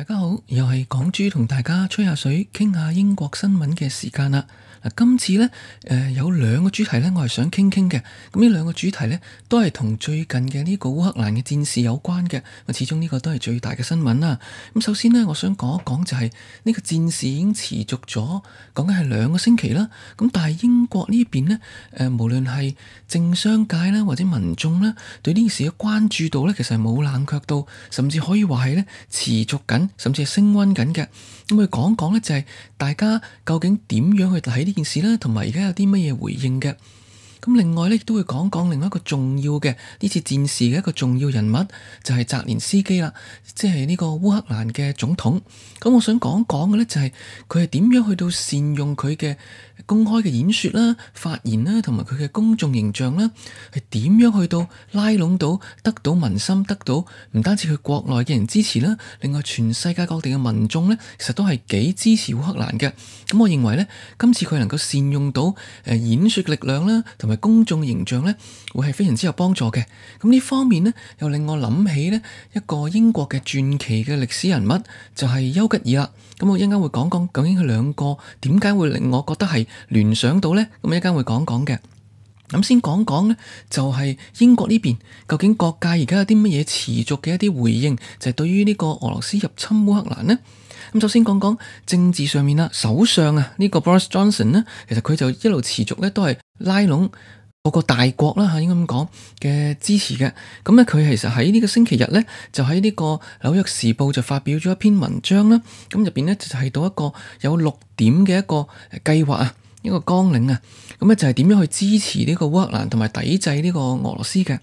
大家好，又係港豬同大家吹下水、傾下英國新聞嘅時間啦。嗱，今次咧，誒、呃、有兩個主題咧，我係想傾傾嘅。咁呢兩個主題咧，都係同最近嘅呢個烏克蘭嘅戰事有關嘅。我始終呢個都係最大嘅新聞啦。咁首先咧，我想講一講就係、是、呢、呢個戰事已經持續咗，講緊係兩個星期啦。咁但係英國邊呢邊咧，誒、呃，無論係政商界啦，或者民眾啦，對呢件事嘅關注度咧，其實係冇冷卻到，甚至可以話係咧持續緊。甚至係升溫緊嘅，咁佢講講咧就係大家究竟點樣去睇呢件事咧，同埋而家有啲乜嘢回應嘅。咁另外咧，亦都會講講另外一個重要嘅呢次戰事嘅一個重要人物就係、是、澤連斯基啦，即係呢個烏克蘭嘅總統。咁、嗯、我想講講嘅咧就係佢係點樣去到善用佢嘅公開嘅演說啦、發言啦，同埋佢嘅公眾形象啦，係點樣去到拉攏到、得到民心、得到唔單止佢國內嘅人支持啦，另外全世界各地嘅民眾咧，其實都係幾支持烏克蘭嘅。咁我認為咧，今次佢能夠善用到誒、呃、演說力量啦，同埋公眾形象咧，會係非常之有幫助嘅。咁呢方面咧，又令我諗起咧一個英國嘅傳奇嘅歷史人物，就係、是、丘吉爾啦。咁我講一陣間會講講究竟佢兩個點解會令我覺得係。聯想到呢，咁一陣間會講講嘅。咁先講講呢，就係、是、英國呢邊究竟各界而家有啲乜嘢持續嘅一啲回應，就係、是、對於呢個俄羅斯入侵烏克蘭呢。咁首先講講政治上面啦，首相啊呢個 Boris Johnson 呢，其實佢就一路持續呢，都係拉攏。各個大國啦吓，應該咁講嘅支持嘅。咁咧佢其實喺呢個星期日咧，就喺呢個紐約時報就發表咗一篇文章啦，咁入邊咧就提到一個有六點嘅一個計劃啊，一個綱領啊，咁咧就係點樣去支持呢個烏克蘭同埋抵制呢個俄羅斯嘅。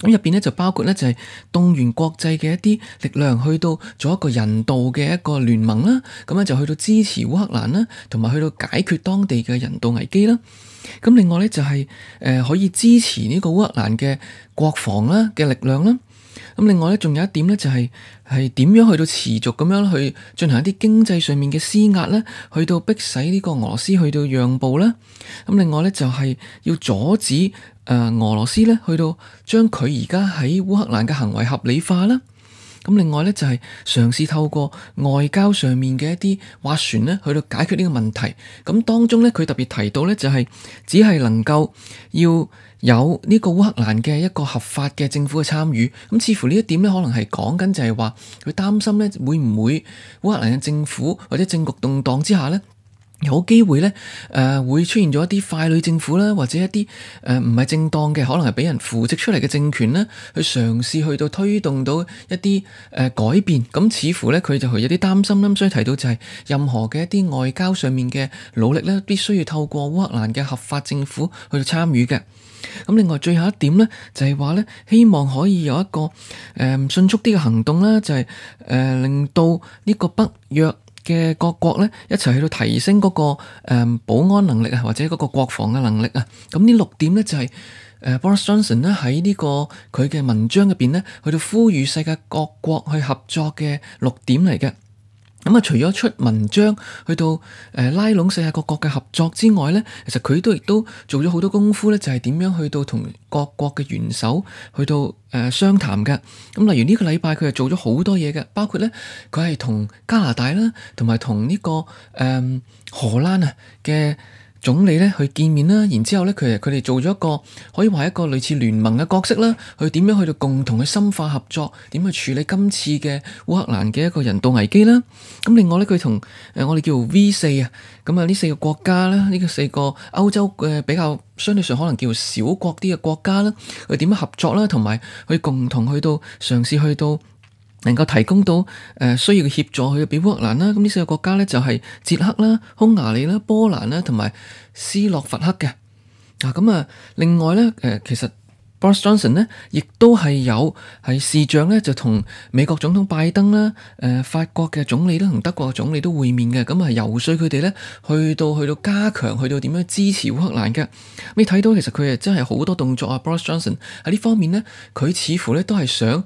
咁入邊咧就包括咧就係動員國際嘅一啲力量去到做一個人道嘅一個聯盟啦，咁樣就去到支持烏克蘭啦，同埋去到解決當地嘅人道危機啦。咁另外咧就係誒可以支持呢個烏克蘭嘅國防啦嘅力量啦。咁另外咧仲有一點咧就係係點樣去到持續咁樣去進行一啲經濟上面嘅施壓咧，去到迫使呢個俄羅斯去到讓步啦。咁另外咧就係要阻止。俄羅斯呢去到將佢而家喺烏克蘭嘅行為合理化啦，咁另外呢，就係、是、嘗試透過外交上面嘅一啲斡旋呢去到解決呢個問題。咁當中呢，佢特別提到呢，就係、是、只係能夠要有呢個烏克蘭嘅一個合法嘅政府嘅參與。咁似乎呢一點呢，可能係講緊就係話佢擔心呢，會唔會烏克蘭嘅政府或者政局動盪之下呢，有機會咧，誒、呃、會出現咗一啲傀儡政府啦，或者一啲誒唔係正當嘅，可能係畀人扶植出嚟嘅政權啦。去嘗試去到推動到一啲誒、呃、改變。咁、呃、似乎咧，佢就係有啲擔心啦。所以提到就係、是、任何嘅一啲外交上面嘅努力咧，必須要透過烏克蘭嘅合法政府去到參與嘅。咁另外最後一點咧，就係話咧，希望可以有一個誒、呃、迅速啲嘅行動啦，就係、是、誒、呃、令到呢個北約嘅各國咧一齊去到提升嗰、那個誒、嗯、保安能力啊，或者嗰個國防嘅能力啊，咁呢六點咧就係、是、誒 Boris Johnson 咧喺呢個佢嘅文章入邊咧去到呼籲世界各國去合作嘅六點嚟嘅。咁啊，除咗出文章，去到誒、呃、拉攏世界各國嘅合作之外咧，其實佢都亦都做咗好多功夫咧，就係、是、點樣去到同各國嘅元首去到誒、呃、商談嘅。咁、呃、例如呢個禮拜佢係做咗好多嘢嘅，包括咧佢係同加拿大啦，同埋同呢個誒、呃、荷蘭啊嘅。總理咧去見面啦，然之後咧佢哋佢哋做咗一個可以話一個類似聯盟嘅角色啦，去點樣去到共同去深化合作，點去處理今次嘅烏克蘭嘅一個人道危機啦。咁另外咧佢同誒我哋叫做 V 四啊，咁啊呢四個國家啦，呢個四個歐洲嘅比較相對上可能叫小國啲嘅國家啦，佢點樣合作啦，同埋去共同去到嘗試去到。能夠提供到誒、呃、需要嘅協助，去到畀烏克蘭啦，咁呢四個國家咧就係捷克啦、匈牙利啦、波蘭啦同埋斯洛伐克嘅。啊，咁啊，另外咧誒、呃，其實。Boris Johnson 呢，亦都係有係視像咧，就同美國總統拜登啦，誒、呃，法國嘅總理都同德國嘅總理都會面嘅，咁啊游說佢哋咧，去到去到加強，去到點樣支持烏克蘭嘅。你、嗯、睇到其實佢啊真係好多動作啊，Boris Johnson 喺呢方面呢，佢似乎咧都係想誒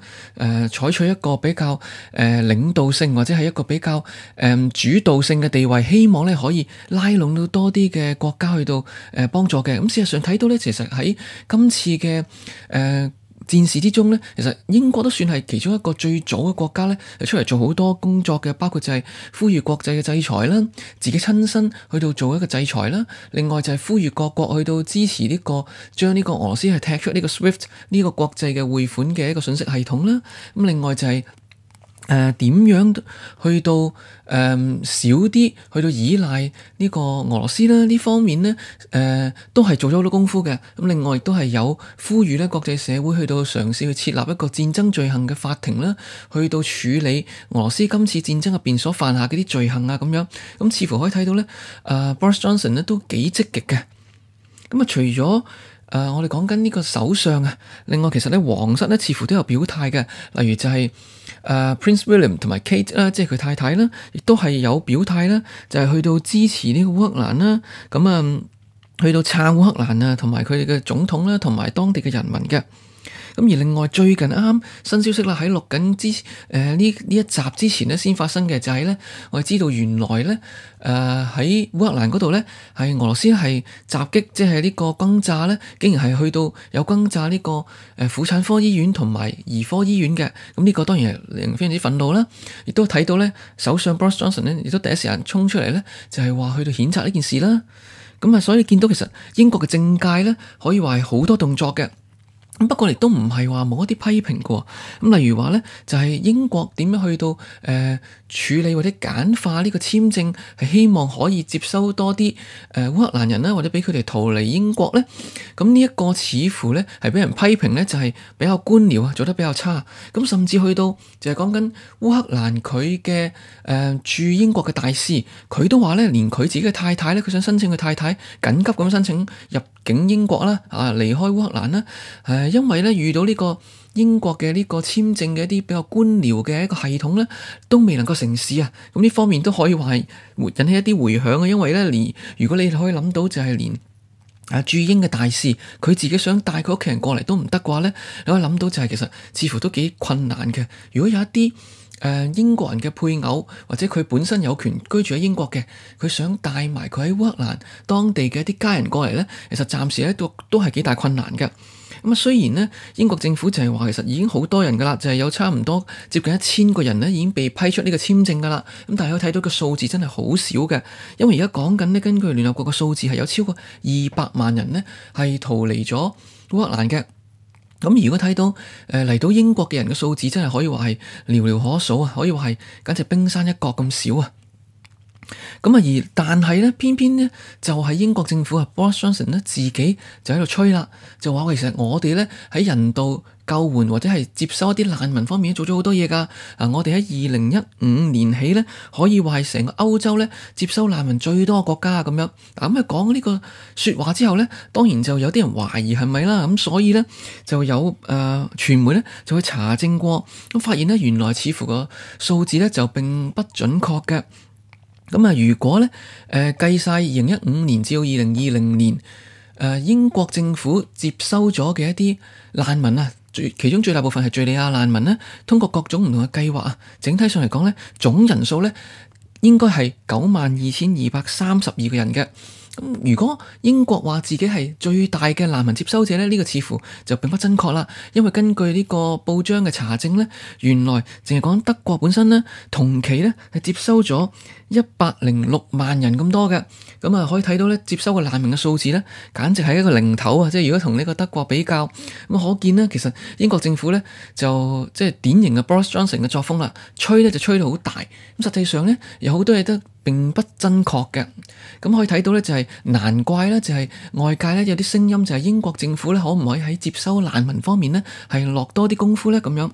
採、呃、取一個比較誒、呃、領導性或者係一個比較誒、呃、主導性嘅地位，希望咧可以拉攏到多啲嘅國家去到誒幫、呃、助嘅。咁、嗯、事實上睇到咧，其實喺今次嘅。誒、呃、戰事之中呢，其實英國都算係其中一個最早嘅國家呢，出嚟做好多工作嘅，包括就係呼籲國際嘅制裁啦，自己親身去到做一個制裁啦，另外就係呼籲各國去到支持呢、這個呢個將呢個俄羅斯係踢出呢個 Swift 呢個國際嘅匯款嘅一個訊息系統啦，咁另外就係、係。誒，點、呃、樣去到誒、呃、少啲去到依賴呢個俄羅斯咧？呢方面咧，誒、呃、都係做咗好多功夫嘅。咁另外亦都係有呼籲咧，國際社會去到嘗試去設立一個戰爭罪行嘅法庭啦，去到處理俄羅斯今次戰爭入邊所犯下嗰啲罪行啊，咁樣咁似乎可以睇到咧，誒，Boris Johnson 咧，都幾積極嘅。咁、嗯、啊，除咗誒、呃、我哋講緊呢個首相啊，另外其實咧皇室咧似乎都有表態嘅，例如就係、是。Uh, Prince William 同埋 Kate 啦，即係佢太太啦，亦都係有表態啦，就係去到支持呢個烏克蘭啦，咁啊，去到撐烏克蘭啊，同埋佢哋嘅總統啦，同埋當地嘅人民嘅。咁而另外最近啱啱新消息啦，喺錄緊之前誒呢呢一集之前咧，先發生嘅就係、是、呢。我哋知道原來呢誒喺烏克蘭嗰度呢，係俄羅斯係襲擊，即係呢個轟炸呢，竟然係去到有轟炸呢、這個誒婦、呃、產科醫院同埋兒科醫院嘅。咁、這、呢個當然係令人非常之憤怒啦，亦都睇到呢首相 Boris Johnson 呢，亦都第一時間衝出嚟呢，就係、是、話去到譴責呢件事啦。咁、嗯、啊，所以你見到其實英國嘅政界呢，可以話係好多動作嘅。不過，亦都唔係話冇一啲批評嘅。咁例如話咧，就係、是、英國點樣去到誒。呃處理或者簡化呢個簽證，係希望可以接收多啲誒烏克蘭人啦，或者俾佢哋逃離英國咧。咁呢一個似乎咧係俾人批評咧，就係比較官僚啊，做得比較差。咁甚至去到就係講緊烏克蘭佢嘅誒駐英國嘅大使，佢都話咧，連佢自己嘅太太咧，佢想申請嘅太太緊急咁申請入境英國啦，啊離開烏克蘭啦，誒、呃、因為咧遇到呢、呢個。英國嘅呢個簽證嘅一啲比較官僚嘅一個系統呢，都未能夠成事啊！咁呢方面都可以話係引起一啲迴響啊，因為呢，你如果你可以諗到就係連啊駐英嘅大使，佢自己想帶佢屋企人過嚟都唔得嘅話咧，你可以諗到就係其實似乎都幾困難嘅。如果有一啲誒、呃、英國人嘅配偶或者佢本身有權居住喺英國嘅，佢想帶埋佢喺烏克蘭當地嘅一啲家人過嚟呢，其實暫時喺度都係幾大困難嘅。咁啊，雖然咧英國政府就係話其實已經好多人噶啦，就係有差唔多接近一千個人咧已經被批出呢個簽證噶啦，咁但係可以睇到個數字真係好少嘅，因為而家講緊咧根據聯合國嘅數字係有超過二百萬人呢係逃離咗烏克蘭嘅，咁如果睇到誒嚟到英國嘅人嘅數字真係可以話係寥寥可數啊，可以話係簡直冰山一角咁少啊。咁啊，而但係咧，偏偏呢，就係、是、英國政府啊，Boris Johnson 咧自己就喺度吹啦，就話其實我哋呢，喺人道救援或者係接收一啲難民方面做咗好多嘢噶。啊，我哋喺二零一五年起呢，可以話係成個歐洲呢，接收難民最多嘅國家咁樣。咁一講呢個說話之後呢，當然就有啲人懷疑係咪啦。咁、啊、所以呢，就有誒傳、呃、媒呢，就去查證過，咁發現咧原來似乎個數字呢，就並不準確嘅。咁啊，如果咧，誒計晒二零一五年至到二零二零年，誒英國政府接收咗嘅一啲難民啊，最其中最大部分係敍利亞難民呢，通過各種唔同嘅計劃啊，整體上嚟講咧，總人數咧應該係九萬二千二百三十二個人嘅。咁如果英國話自己係最大嘅難民接收者咧，呢個似乎就並不真確啦。因為根據呢個報章嘅查證呢，原來淨係講德國本身呢，同期呢係接收咗一百零六萬人咁多嘅。咁啊可以睇到呢，接收嘅難民嘅數字呢，簡直係一個零頭啊！即係如果同呢個德國比較，咁可見呢，其實英國政府呢，就即係典型嘅 Boris Johnson 嘅作風啦，吹呢就吹到好大。咁實際上呢，有好多嘢都並不真確嘅，咁可以睇到咧，就係難怪咧，就係外界咧有啲聲音就係英國政府咧可唔可以喺接收難民方面咧係落多啲功夫咧咁樣。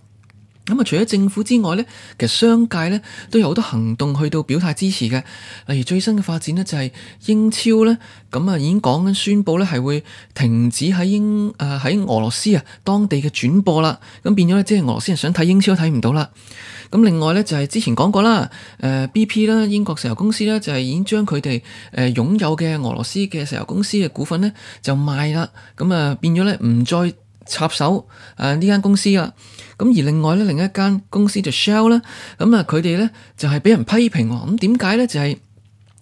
咁啊，除咗政府之外咧，其實商界咧都有好多行動去到表態支持嘅。例如最新嘅發展咧，就係英超咧，咁啊已經講緊宣佈咧，係會停止喺英啊喺俄羅斯啊當地嘅轉播啦。咁變咗咧，即係俄羅斯人想睇英超都睇唔到啦。咁另外咧就係之前講過啦，誒 BP 啦，英國石油公司咧就係已經將佢哋誒擁有嘅俄羅斯嘅石油公司嘅股份咧就賣啦。咁啊變咗咧唔再，插手呢間、呃、公司啊，咁而另外呢另一間公司 Shell，就 Shell 咧，咁啊佢哋呢就係畀人批評喎，咁點解呢就係、是？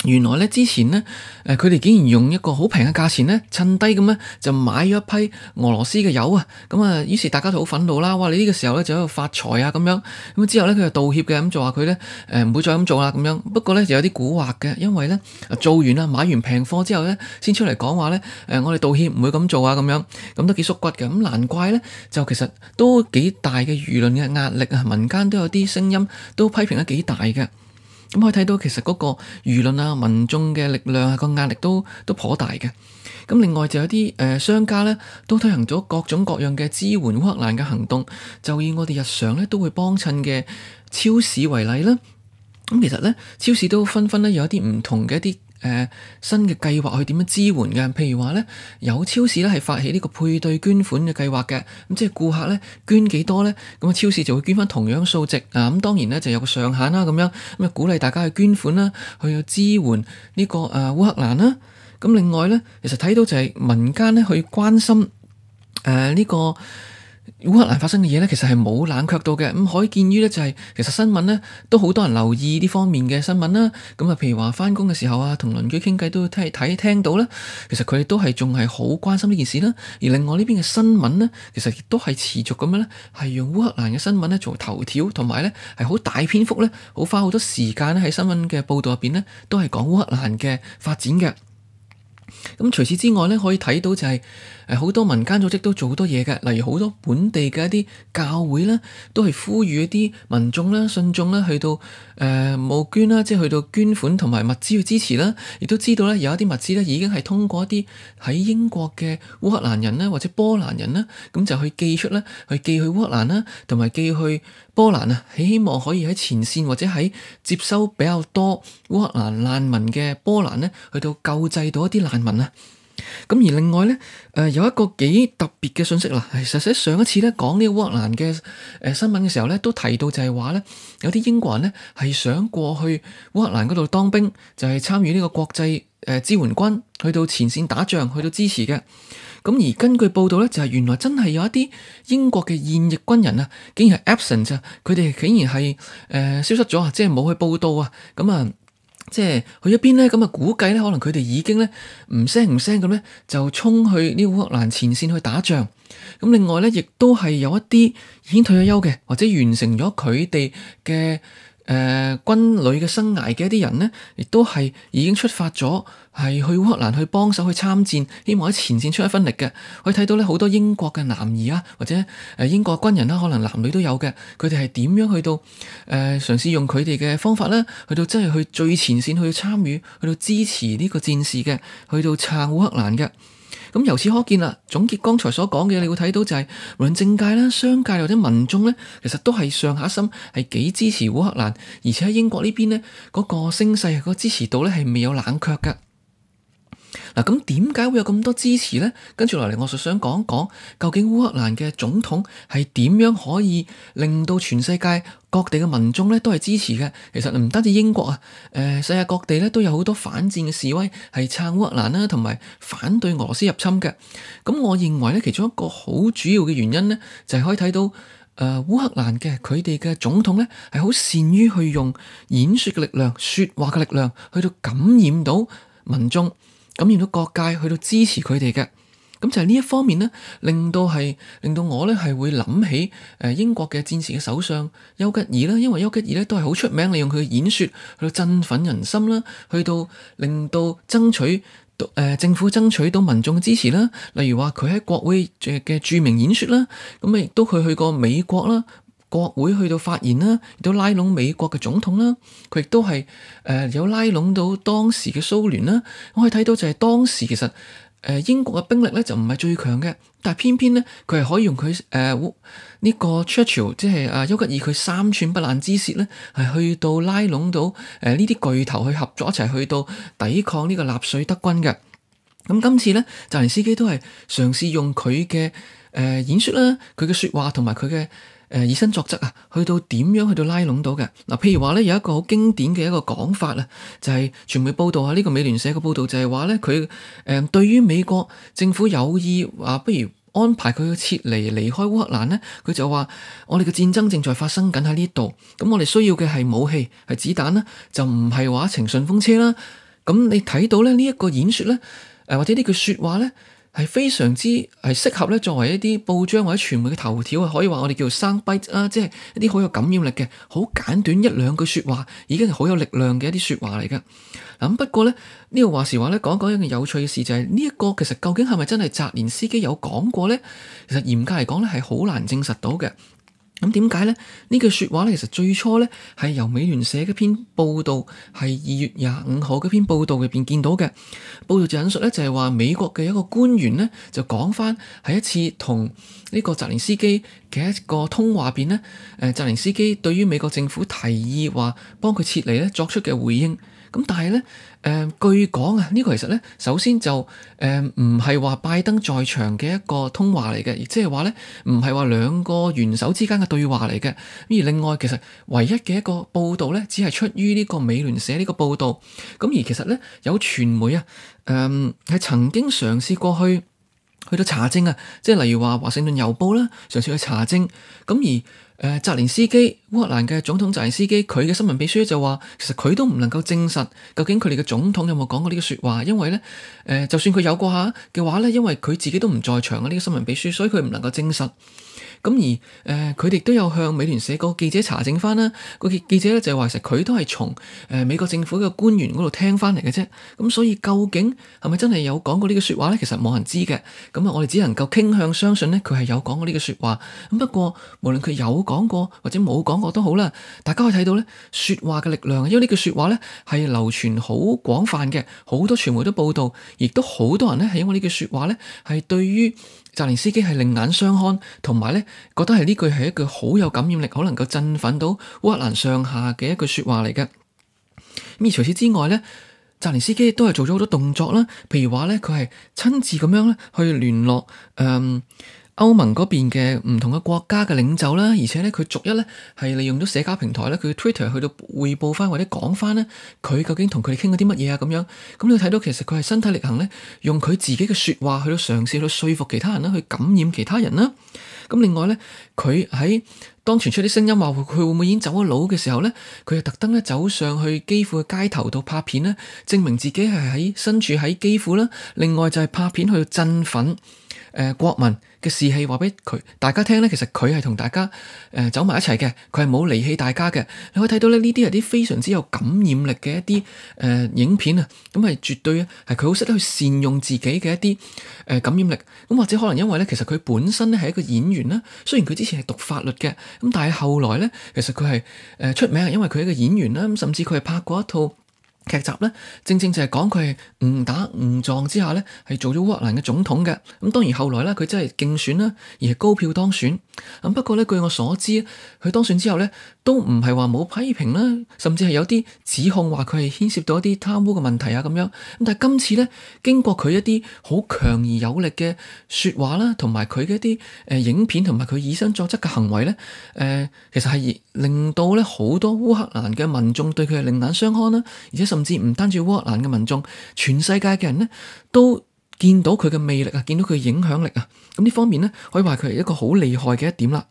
原來咧之前咧，誒佢哋竟然用一個好平嘅價錢咧，趁低咁咧就買咗一批俄羅斯嘅油啊！咁啊，於是大家就好憤怒啦！哇，你呢個時候咧就喺度發財啊咁樣！咁之後咧佢就道歉嘅，咁就話佢咧誒唔會再咁做啦咁樣。不過咧就有啲蠱惑嘅，因為咧做完啦買完平貨之後咧，先出嚟講話咧誒、呃、我哋道歉唔會咁做啊咁樣，咁都幾縮骨嘅。咁難怪咧就其實都幾大嘅輿論嘅壓力啊，民間都有啲聲音都批評得幾大嘅。咁可以睇到其實嗰個輿論啊、民眾嘅力量啊、個壓力都都頗大嘅。咁另外就有啲誒、呃、商家咧都推行咗各種各樣嘅支援烏克蘭嘅行動。就以我哋日常咧都會幫襯嘅超市為例啦。咁、嗯、其實咧超市都紛紛咧有一啲唔同嘅一啲。誒新嘅計劃去點樣支援嘅？譬如話咧，有超市咧係發起呢個配對捐款嘅計劃嘅，咁即係顧客咧捐幾多咧，咁啊超市就會捐翻同樣數值啊。咁當然咧就有個上限啦，咁樣咁啊鼓勵大家去捐款啦，去支援呢個啊烏克蘭啦。咁另外咧，其實睇到就係民間咧去關心誒呢個。烏克蘭發生嘅嘢呢，其實係冇冷卻到嘅，咁可以見於呢，就係、是，其實新聞呢都好多人留意呢方面嘅新聞啦。咁啊，譬如話返工嘅時候啊，同鄰居傾偈都聽睇聽到啦。其實佢哋都係仲係好關心呢件事啦。而另外呢邊嘅新聞呢，其實亦都係持續咁樣呢係用烏克蘭嘅新聞呢做頭條，同埋呢係好大篇幅呢，好花好多時間呢喺新聞嘅報道入邊呢，都係講烏克蘭嘅發展嘅。咁、嗯、除此之外呢，可以睇到就係、是。好多民間組織都做好多嘢嘅，例如好多本地嘅一啲教會啦，都係呼籲一啲民眾啦、信眾啦去到誒募捐啦，即係去到捐款同埋物資去支持啦。亦都知道咧，有一啲物資咧已經係通過一啲喺英國嘅烏克蘭人啦，或者波蘭人啦咁就去寄出咧，去寄去烏克蘭啦，同埋寄去波蘭啊，希望可以喺前線或者喺接收比較多烏克蘭難民嘅波蘭咧，去到救濟到一啲難民啊。咁而另外咧，誒有一個幾特別嘅信息啦。其實上一次咧講呢個烏克蘭嘅誒新聞嘅時候咧，都提到就係話咧有啲英國人咧係想過去烏克蘭嗰度當兵，就係、是、參與呢個國際誒支援軍去到前線打仗，去到支持嘅。咁而根據報道咧，就係、是、原來真係有一啲英國嘅現役軍人啊，竟然係 absent 咋，佢哋竟然係誒、呃、消失咗啊，即係冇去報到啊，咁啊～即係去一邊咧，咁啊估計咧，可能佢哋已經咧唔聲唔聲咁咧，就衝去呢烏克蘭前線去打仗。咁另外咧，亦都係有一啲已經退咗休嘅，或者完成咗佢哋嘅。誒、呃、軍旅嘅生涯嘅一啲人咧，亦都係已經出發咗，係去烏克蘭去幫手去參戰，希望喺前線出一分力嘅。可以睇到咧，好多英國嘅男兒啊，或者誒英國軍人啦、啊，可能男女都有嘅，佢哋係點樣去到誒、呃、嘗試用佢哋嘅方法咧，去到真係去最前線去參與，去到支持呢個戰士嘅，去到撐烏克蘭嘅。咁由此可見啦，總結剛才所講嘅，你會睇到就係、是、無論政界啦、商界或者民眾咧，其實都係上下心係幾支持烏克蘭，而且喺英國呢邊咧，嗰個聲勢、嗰個支持度咧係未有冷卻嘅。嗱、啊，咁點解會有咁多支持咧？跟住落嚟，我就想講講究竟烏克蘭嘅總統係點樣可以令到全世界？各地嘅民眾咧都係支持嘅。其實唔單止英國啊，誒、呃，世界各地咧都有好多反戰嘅示威，係撐烏克蘭啦，同埋反對俄羅斯入侵嘅。咁我認為咧，其中一個好主要嘅原因咧，就係、是、可以睇到誒烏、呃、克蘭嘅佢哋嘅總統咧係好善於去用演説嘅力量、説話嘅力量去到感染到民眾，感染到各界去到支持佢哋嘅。咁就係呢一方面呢令到係令到我呢係會諗起誒英國嘅戰時嘅首相邱吉爾啦，因為邱吉爾呢都係好出名，利用佢嘅演説去到振奮人心啦，去到令到爭取誒、呃、政府爭取到民眾嘅支持啦。例如話佢喺國會嘅著名演説啦，咁亦都佢去過美國啦，國會去到發言啦，亦都拉攏美國嘅總統啦，佢亦都係誒、呃、有拉攏到當時嘅蘇聯啦。我可以睇到就係當時其實。英國嘅兵力咧就唔係最強嘅，但係偏偏咧佢係可以用佢誒呢個 Churchill，即係啊丘吉爾佢三寸不爛之舌咧，係去到拉攏到誒呢啲巨頭去合作一齊去到抵抗呢個納粹德軍嘅。咁今次咧澤連斯基都係嘗試用佢嘅誒演説啦，佢嘅説話同埋佢嘅。以身作則啊，去到點樣去到拉攏到嘅嗱？譬如話咧，有一個好經典嘅一個講法啦，就係傳媒報道啊，呢個美聯社嘅報道就係話咧，佢誒對於美國政府有意話，不如安排佢撤離離開烏克蘭咧，佢就話我哋嘅戰爭正在發生緊喺呢度，咁我哋需要嘅係武器係子彈啦，就唔係話乘順風車啦。咁你睇到咧呢一個演說咧，誒或者呢句説話咧。係非常之係適合咧，作為一啲報章或者傳媒嘅頭條啊，可以話我哋叫做 soundbite 啦，即係一啲好有感染力嘅，好簡短一兩句説話，已經係好有力量嘅一啲説話嚟嘅。咁不過咧，呢個話時話咧講一講一件有趣嘅事，就是，就係呢一個其實究竟係咪真係澤連斯基有講過咧？其實嚴格嚟講咧係好難證實到嘅。咁點解咧？呢句説話咧，其實最初咧係由美聯社嗰一篇報道，係二月廿五號嗰篇報道入邊見到嘅。報道就引述咧，就係話美國嘅一個官員咧，就講返喺一次同呢個澤連斯基嘅一個通話入邊咧，誒澤連斯基對於美國政府提議話幫佢撤離咧作出嘅回應。咁但係咧，誒、呃、據講啊，呢、呢個其實咧，首先就誒唔係話拜登在場嘅一個通話嚟嘅，亦即係話咧，唔係話兩個元首之間嘅對話嚟嘅。咁而另外其實唯一嘅一個報導咧，只係出於呢個美聯社呢個報導。咁而其實咧，有傳媒啊，誒、呃、係曾經嘗試過去去到查證啊，即係例如話華盛頓郵報啦，嘗試去查證。咁而誒澤、呃、連斯基。烏克蘭嘅總統澤連斯基佢嘅新聞秘書就話：其實佢都唔能夠證實究竟佢哋嘅總統有冇講過呢個説話，因為呢，誒，就算佢有過嚇嘅話呢，因為佢自己都唔在場嘅呢，呢個新聞秘書，所以佢唔能夠證實。咁而誒佢哋都有向美聯社個記者查證翻啦，個記者呢就係話：其實佢都係從誒美國政府嘅官員嗰度聽翻嚟嘅啫。咁所以究竟係咪真係有講過呢個説話呢？其實冇人知嘅。咁啊，我哋只能夠傾向相信呢，佢係有講過呢個説話。咁不過無論佢有講過或者冇講。我都好啦，大家可以睇到咧，說話嘅力量，因為呢句說話咧係流傳好廣泛嘅，好多傳媒都報道，亦都好多人咧係認為呢句說話咧係對於澤連斯基係另眼相看，同埋咧覺得係呢句係一句好有感染力，可能夠振奮到烏克蘭上下嘅一句說話嚟嘅。咁而除此之外咧，澤連斯基都係做咗好多動作啦，譬如話咧佢係親自咁樣咧去聯絡誒。呃歐盟嗰邊嘅唔同嘅國家嘅領袖啦，而且咧佢逐一咧係利用咗社交平台咧，佢 Twitter 去到匯報翻或者講翻咧，佢究竟同佢哋傾過啲乜嘢啊？咁樣咁你睇到其實佢係身體力行咧，用佢自己嘅說話去到嘗試去說服其他人啦，去感染其他人啦。咁另外咧，佢喺當傳出啲聲音話佢會唔會已經走咗佬嘅時候咧，佢又特登咧走上去基輔嘅街頭度拍片咧，證明自己係喺身處喺基輔啦。另外就係拍片去到振奮。誒、呃、國民嘅士氣話畀佢大家聽咧，其實佢係同大家、呃、走埋一齊嘅，佢係冇離棄大家嘅。你可以睇到咧，呢啲係啲非常之有感染力嘅一啲誒、呃、影片啊，咁、嗯、係絕對啊，係佢好識得去善用自己嘅一啲誒、呃、感染力。咁或者可能因為咧，其實佢本身咧係一個演員啦，雖然佢之前係讀法律嘅，咁但係後來咧，其實佢係誒出名係因為佢係一個演員啦，咁甚至佢係拍過一套。劇集呢，正正就係講佢係誤打誤撞之下呢係做咗烏克蘭嘅總統嘅。咁當然後來呢佢真係競選啦，而係高票當選。咁不過呢，據我所知，佢當選之後呢，都唔係話冇批評啦，甚至係有啲指控話佢係牽涉到一啲貪污嘅問題啊咁樣。咁但係今次呢，經過佢一啲好強而有力嘅説話啦，同埋佢嘅一啲誒影片同埋佢以身作則嘅行為呢，誒、呃、其實係令到呢好多烏克蘭嘅民眾對佢係另眼相看啦，而且甚至。甚至唔單止烏克蘭嘅民眾，全世界嘅人呢，都見到佢嘅魅力啊，見到佢嘅影響力啊，咁呢方面呢，可以話佢係一個好厲害嘅一點啦。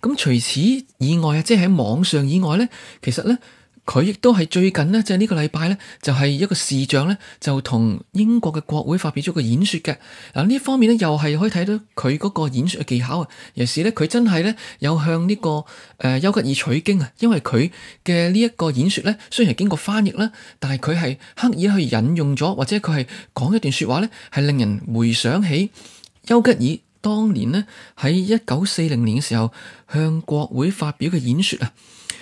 咁除此以外啊，即係喺網上以外呢，其實呢。佢亦都係最近呢，就係、是、呢個禮拜呢，就係一個視像呢，就同英國嘅國會發表咗一個演說嘅。嗱呢方面呢，又係可以睇到佢嗰、這個呃、個演說嘅技巧啊。尤其是呢，佢真係呢，有向呢個誒丘吉爾取經啊。因為佢嘅呢一個演說呢，雖然係經過翻譯啦，但係佢係刻意去引用咗，或者佢係講一段説話呢，係令人回想起丘吉爾當年呢，喺一九四零年嘅時候向國會發表嘅演說啊。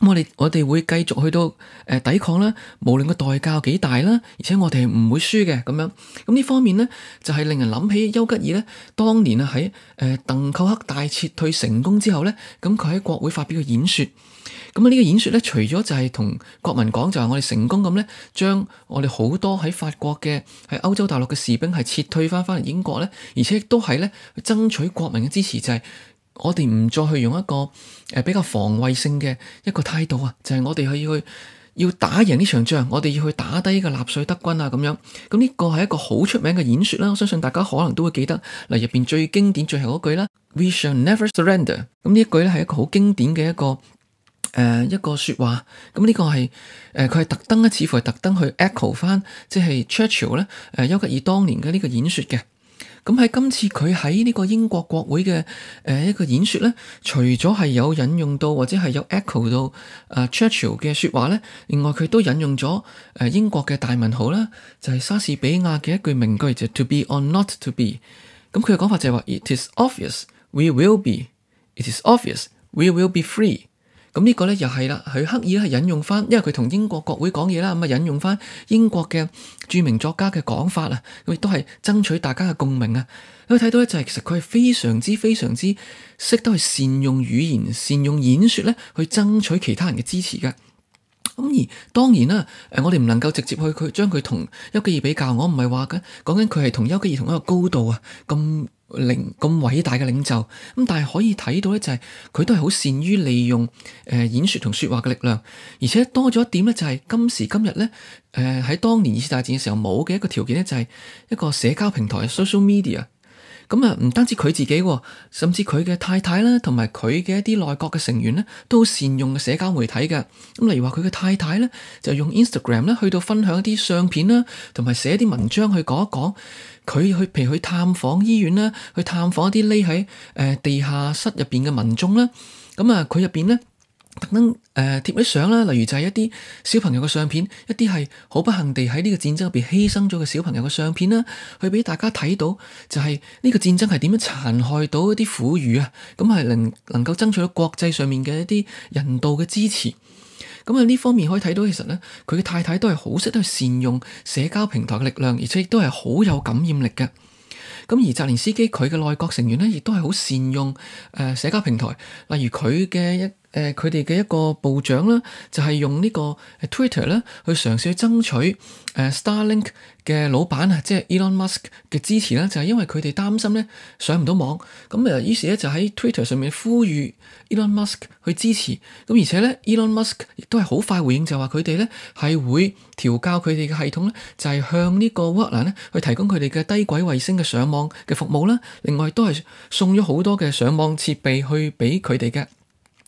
我哋我哋會繼續去到誒抵抗啦，無論個代價幾大啦，而且我哋唔會輸嘅咁樣。咁呢方面呢，就係令人諗起丘吉爾呢。當年啊喺誒鄧寇克大撤退成功之後呢，咁佢喺國會發表個演説。咁啊呢個演説呢，除咗就係同國民講，就係我哋成功咁呢，將我哋好多喺法國嘅喺歐洲大陸嘅士兵係撤退翻翻嚟英國呢，而且亦都係呢，去爭取國民嘅支持，就係。我哋唔再去用一個誒比較防衞性嘅一個態度啊，就係、是、我哋去要去要打贏呢場仗，我哋要去打低呢個納粹德軍啊咁樣。咁、這、呢個係一個好出名嘅演説啦，我相信大家可能都會記得嗱，入邊最經典最後嗰句啦，We shall never surrender。咁呢一句咧係一個好經典嘅一個誒、呃、一個説話。咁、這、呢個係誒佢係特登咧，似乎係特登去 echo 翻即係 Churchill 咧誒丘吉爾當年嘅呢個演説嘅。咁喺今次佢喺呢個英國國會嘅誒一個演說咧，除咗係有引用到或者係有 echo 到啊、uh, Churchill 嘅説話咧，另外佢都引用咗誒英國嘅大文豪啦，就係、是、莎士比亞嘅一句名句就 To be or not to be。咁佢嘅講法就係、是、話 It is obvious we will be。It is obvious we will be free。咁呢個咧又係啦，佢刻意咧係引用翻，因為佢同英國國會講嘢啦，咁啊引用翻英國嘅著名作家嘅講法啊，亦都係爭取大家嘅共鳴啊。你可以睇到咧就係，其實佢係非常之非常之識得去善用語言、善用演說咧去爭取其他人嘅支持㗎。咁而當然啦，誒我哋唔能夠直接去佢將佢同邱吉爾比較，我唔係話嘅講緊佢係同邱吉爾同一個高度啊，咁領咁偉大嘅領袖，咁但係可以睇到咧就係、是、佢都係好善於利用誒、呃、演説同説話嘅力量，而且多咗一點咧就係、是、今時今日咧誒喺當年二次大戰嘅時候冇嘅一個條件咧就係一個社交平台 social media。咁啊，唔單止佢自己，甚至佢嘅太太啦，同埋佢嘅一啲內閣嘅成員咧，都善用嘅社交媒體嘅。咁例如話佢嘅太太咧，就用 Instagram 咧去到分享一啲相片啦，同埋寫一啲文章去講一講佢去，譬如去探訪醫院啦，去探訪一啲匿喺誒地下室入邊嘅民眾啦。咁啊，佢入邊咧。特登誒貼咗相啦，例如就係一啲小朋友嘅相片，一啲係好不幸地喺呢個戰爭入邊犧牲咗嘅小朋友嘅相片啦，去畀大家睇到，就係呢個戰爭係點樣殘害到一啲婦孺啊！咁係能能夠爭取到國際上面嘅一啲人道嘅支持。咁喺呢方面可以睇到，其實呢，佢嘅太太都係好識得去善用社交平台嘅力量，而且亦都係好有感染力嘅。咁而澤連斯基佢嘅內閣成員呢，亦都係好善用誒社交平台，例如佢嘅一。誒佢哋嘅一個部長啦，就係用呢個 Twitter 咧去嘗試去爭取誒 Starlink 嘅老闆啊，即係 Elon Musk 嘅支持啦，就係因為佢哋擔心咧上唔到網，咁啊於是咧就喺 Twitter 上面呼籲 Elon Musk 去支持，咁而且咧 Elon Musk 亦都係好快回應，就話佢哋咧係會調教佢哋嘅系統咧，就係向呢個烏克蘭咧去提供佢哋嘅低軌衛星嘅上網嘅服務啦，另外都係送咗好多嘅上網設備去畀佢哋嘅。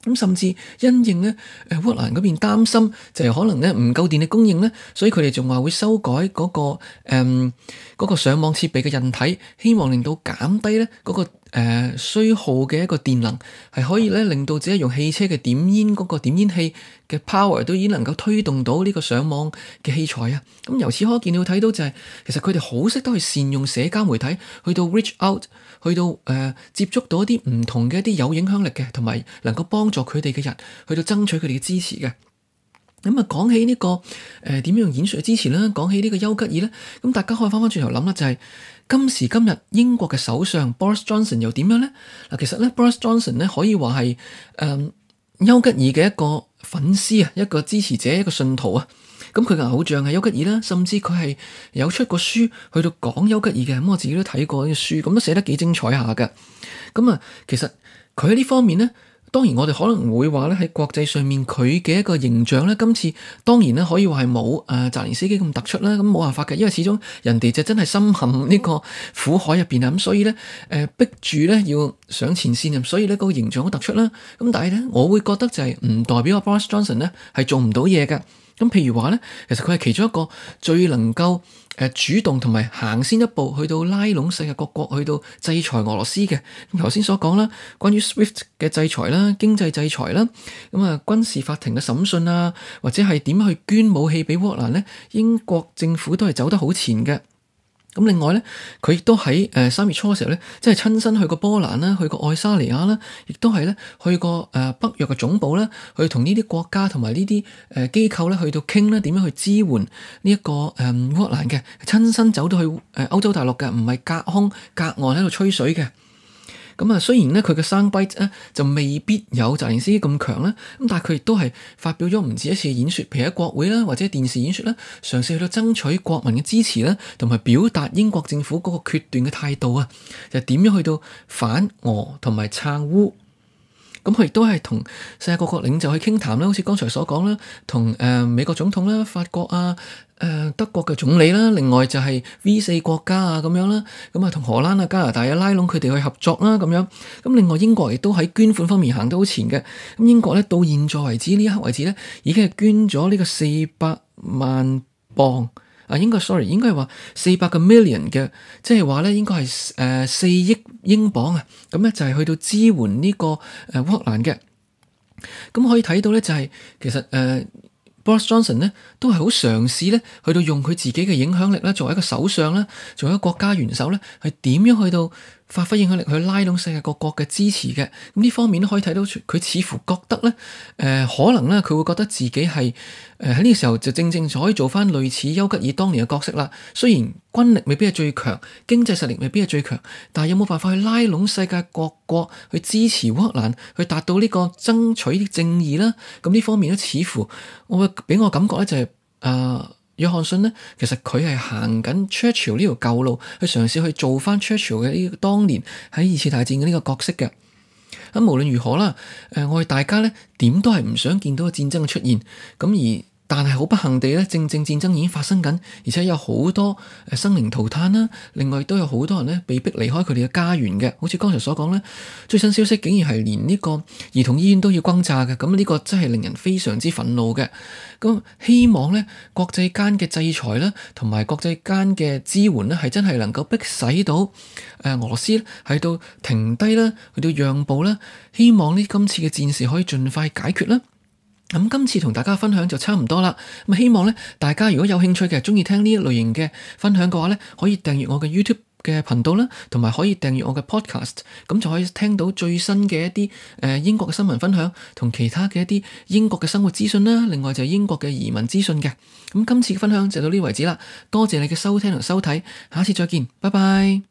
咁甚至因應咧，誒烏克蘭嗰邊擔心就係可能咧唔夠電力供應咧，所以佢哋仲話會修改嗰、那個誒嗰、嗯那個上網設備嘅印體，希望令到減低咧、那、嗰個。誒，需、呃、耗嘅一個電能係可以咧，令到自己用汽車嘅點煙嗰、那個點煙器嘅 power 都已經能夠推動到呢個上網嘅器材啊！咁、嗯、由此可見，你會睇到就係、是，其實佢哋好識得去善用社交媒體去到 reach out，去到誒、呃、接觸到一啲唔同嘅一啲有影響力嘅，同埋能夠幫助佢哋嘅人去到爭取佢哋嘅支持嘅。咁、嗯、啊，講起呢、這個誒點樣演說嘅支持咧，講起呢個丘吉爾咧，咁、嗯、大家可以返返轉頭諗啦，就係、是。今時今日英國嘅首相 Boris Johnson 又點樣呢？嗱，其實咧 Boris Johnson 咧可以話係誒邱吉爾嘅一個粉絲啊，一個支持者，一個信徒啊。咁佢嘅偶像係邱吉爾啦，甚至佢係有出過書去到講邱吉爾嘅。咁我自己都睇過呢個書，咁都寫得幾精彩下㗎。咁啊，其實佢喺呢方面呢。當然，我哋可能會話咧喺國際上面佢嘅一個形象咧，今次當然咧可以話係冇誒澤連斯基咁突出啦。咁冇辦法嘅，因為始終人哋就真係深陷呢個苦海入邊啊。咁所以咧誒逼住咧要上前線啊，所以咧嗰個形象都突出啦。咁但係咧，我會覺得就係唔代表阿 Boris Johnson 咧係做唔到嘢㗎。咁譬如話咧，其實佢係其中一個最能夠誒主動同埋行先一步去到拉攏世界各國去到制裁俄羅斯嘅。頭先所講啦，關於 Swift 嘅制裁啦、經濟制裁啦，咁啊軍事法庭嘅審訊啊，或者係點去捐武器畀俾烏克蘭咧，英國政府都係走得好前嘅。咁另外咧，佢亦都喺誒三月初嘅時候咧，即係親身去過波蘭啦，去過愛沙尼亞啦，亦都係咧去過誒北約嘅總部啦，去同呢啲國家同埋呢啲誒機構咧去到傾啦，點樣去支援呢一個誒烏克蘭嘅，親身走到去誒歐洲大陸嘅，唔係隔空隔岸喺度吹水嘅。咁啊，雖然咧佢嘅 sound bite 咧就未必有澤連斯基咁強啦，咁但係佢亦都係發表咗唔止一次嘅演説，譬如喺國會啦，或者電視演説啦，嘗試去到爭取國民嘅支持啦，同埋表達英國政府嗰個決斷嘅態度啊，就點樣去到反俄同埋撐烏。咁佢亦都係同世界各國領袖去傾談啦，好似剛才所講啦，同誒、呃、美國總統啦、法國啊、誒、呃、德國嘅總理啦，另外就係 V 四國家啊咁樣啦，咁啊同荷蘭啊、加拿大啊拉攏佢哋去合作啦咁樣。咁另外英國亦都喺捐款方面行得好前嘅。咁英國咧到現在為止呢一刻為止咧，已經係捐咗呢個四百萬磅。啊，應該 sorry，應該係話四百個 million 嘅，即係話咧應該係誒四億英鎊啊，咁咧就係去到支援呢個誒烏克蘭嘅。咁可以睇到咧、就是，就係其實誒、呃、Boris Johnson 咧都係好嘗試咧，去到用佢自己嘅影響力啦，作為一個首相啦，作為一個國家元首咧，係點樣去到，發揮影響力去拉攏世界各國嘅支持嘅，咁呢方面都可以睇到佢似乎覺得呢，誒、呃、可能呢，佢會覺得自己係誒喺呢個時候就正正可以做翻類似丘吉爾當年嘅角色啦。雖然軍力未必係最強，經濟實力未必係最強，但係有冇辦法去拉攏世界各國去支持烏克蘭，去達到呢個爭取啲正義啦？咁呢方面呢，似乎我會畀我感覺呢、就係，就係啊～約翰遜咧，其實佢係行緊 Churchill 呢條舊路，去嘗試去做翻 Churchill 嘅呢個當年喺二次大戰嘅呢個角色嘅。咁無論如何啦，誒，我哋大家咧，點都係唔想見到個戰爭嘅出現，咁而。但係好不幸地咧，正正戰爭已經發生緊，而且有好多生靈塗炭啦。另外都有好多人咧被逼離開佢哋嘅家園嘅，好似剛才所講咧，最新消息竟然係連呢個兒童醫院都要轟炸嘅，咁呢個真係令人非常之憤怒嘅。咁希望咧國際間嘅制裁啦，同埋國際間嘅支援咧，係真係能夠逼使到誒俄羅斯喺度停低啦，去到讓步啦。希望呢今次嘅戰事可以盡快解決啦。咁今次同大家分享就差唔多啦，咁希望咧大家如果有興趣嘅，鍾意聽呢一類型嘅分享嘅話咧，可以訂閱我嘅 YouTube 嘅頻道啦，同埋可以訂閱我嘅 Podcast，咁就可以聽到最新嘅一啲誒英國嘅新聞分享，同其他嘅一啲英國嘅生活資訊啦。另外就係英國嘅移民資訊嘅。咁今次嘅分享就到呢度為止啦，多謝你嘅收聽同收睇，下次再見，拜拜。